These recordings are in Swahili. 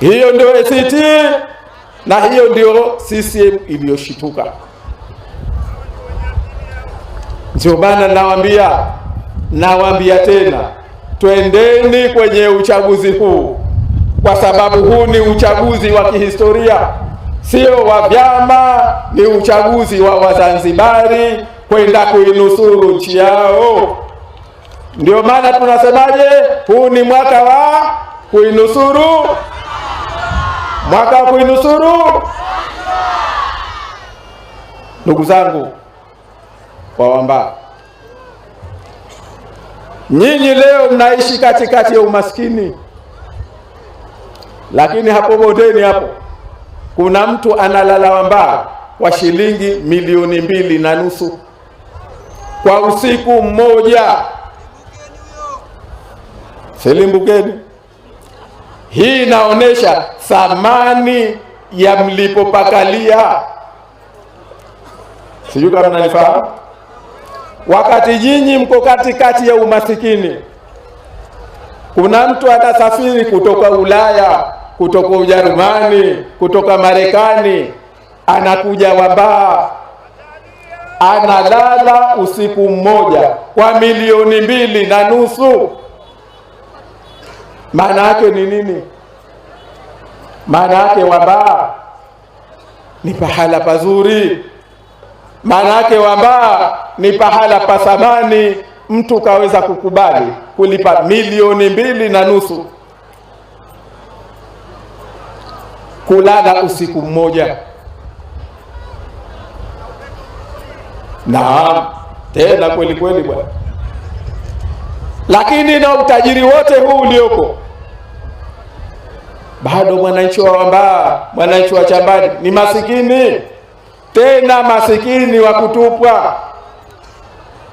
Hiyo ndio ACT na hiyo ndio CCM iliyoshituka. Ndio maana nawaambia, nawaambia tena, twendeni kwenye uchaguzi huu, kwa sababu huu ni uchaguzi wa kihistoria, sio wa vyama, ni uchaguzi wa Wazanzibari kwenda kuinusuru nchi yao. Ndio maana tunasemaje, huu ni mwaka wa kuinusuru mwaka wa kuinusuru. Ndugu zangu Wawambaa, nyinyi leo mnaishi katikati ya umaskini, lakini hapo bondeni hapo kuna mtu analala Wamba kwa shilingi milioni mbili na nusu kwa usiku mmoja. Selimbukeni. Hii inaonyesha thamani ya mlipopakalia. Sijui kama mnanifahamu. Wakati nyinyi mko katikati ya umasikini, kuna mtu atasafiri kutoka Ulaya, kutoka Ujerumani, kutoka Marekani, anakuja Wambaa, analala usiku mmoja kwa milioni mbili na nusu. Maana yake ni nini? Maana yake wambaa ni pahala pazuri, maana yake wambaa ni pahala pa thamani. Mtu kaweza kukubali kulipa milioni mbili na nusu kulala usiku mmoja. Naam, tena kweli kweli bwana, lakini na utajiri wote huu ulioko bado mwananchi wa Wambaa, mwananchi wa Chambani ni masikini, tena masikini wa kutupwa.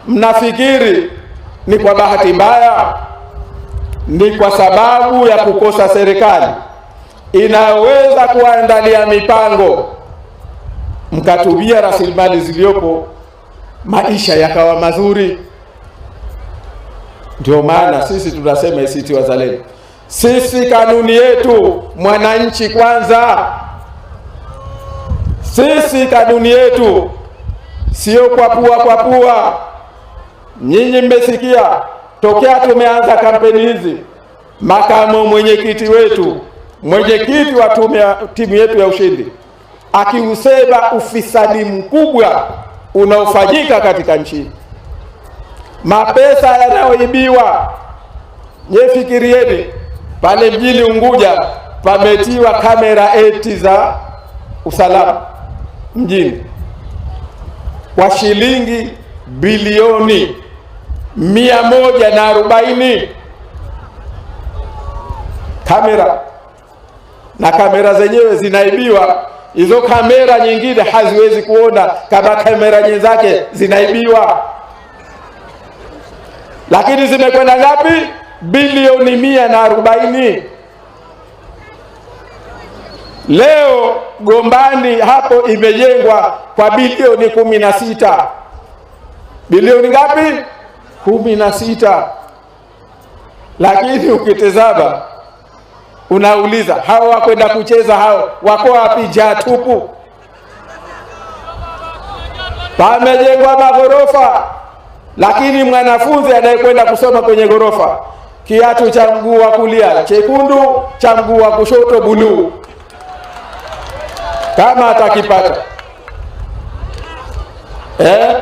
Mnafikiri ni kwa bahati mbaya? Ni kwa sababu ya kukosa serikali inayoweza kuandalia mipango, mkatumia rasilimali zilizopo, maisha yakawa mazuri. Ndio maana sisi tunasema ACT Wazalendo. Sisi kanuni yetu mwananchi kwanza. Sisi kanuni yetu sio kwapua pua. Nyinyi mmesikia tokea tumeanza kampeni hizi, makamu mwenyekiti wetu, mwenyekiti wa timu yetu ya ushindi akiusema ufisadi mkubwa unaofanyika katika nchi, mapesa yanayoibiwa. Nyefikirieni pale mjini Unguja pametiwa kamera eti za usalama mjini kwa shilingi bilioni mia moja na arobaini kamera na kamera zenyewe zinaibiwa. Hizo kamera nyingine haziwezi kuona kama kamera nyenzake zinaibiwa, lakini zimekwenda ngapi? bilioni mia na arobaini. Leo Gombani hapo imejengwa kwa bilioni kumi na sita. Bilioni ngapi? Kumi na sita. Lakini ukitizama unauliza hao wakwenda kucheza hao wako wapi? Jaa tupu. Pamejengwa maghorofa, lakini mwanafunzi anayekwenda kusoma kwenye ghorofa kiatu cha mguu wa kulia chekundu, cha mguu wa kushoto buluu, kama atakipata eh?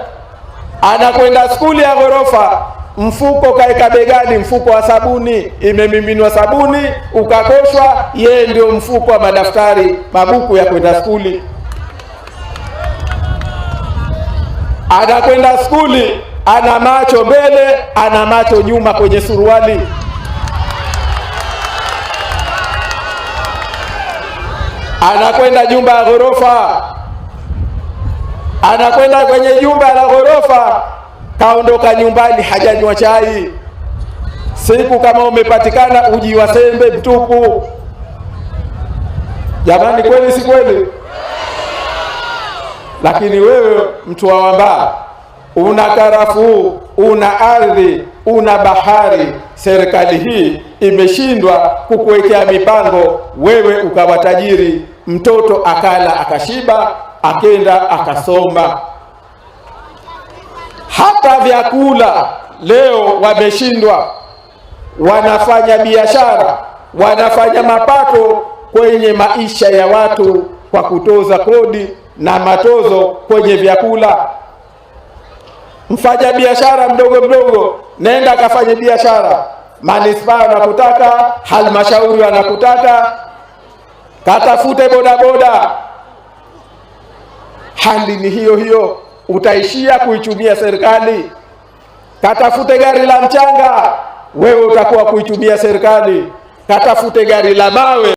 Anakwenda skuli ya ghorofa, mfuko kaeka begani, mfuko wa sabuni, imemiminwa sabuni ukakoshwa, yeye ndio mfuko wa madaftari, mabuku ya kwenda skuli. Anakwenda skuli ana macho mbele, ana macho nyuma kwenye suruali. Anakwenda jumba ya ghorofa, anakwenda kwenye jumba la ghorofa, kaondoka nyumbani, hajanywa chai. Siku kama umepatikana uji wa sembe mtupu. Jamani, kweli si kweli? Lakini wewe mtu wa wambaa una karafuu, una ardhi, una bahari. Serikali hii imeshindwa kukuwekea mipango, wewe ukawa tajiri, mtoto akala akashiba, akenda akasoma. Hata vyakula leo wameshindwa, wanafanya biashara, wanafanya mapato kwenye maisha ya watu kwa kutoza kodi na matozo kwenye vyakula mfanya biashara mdogo mdogo, nenda akafanye biashara. Manispaa wanakutaka, halmashauri wanakutaka, katafute bodaboda. Hali ni hiyo hiyo, utaishia kuichumia serikali. Katafute gari la mchanga, wewe utakuwa kuichumia serikali. Katafute gari la mawe.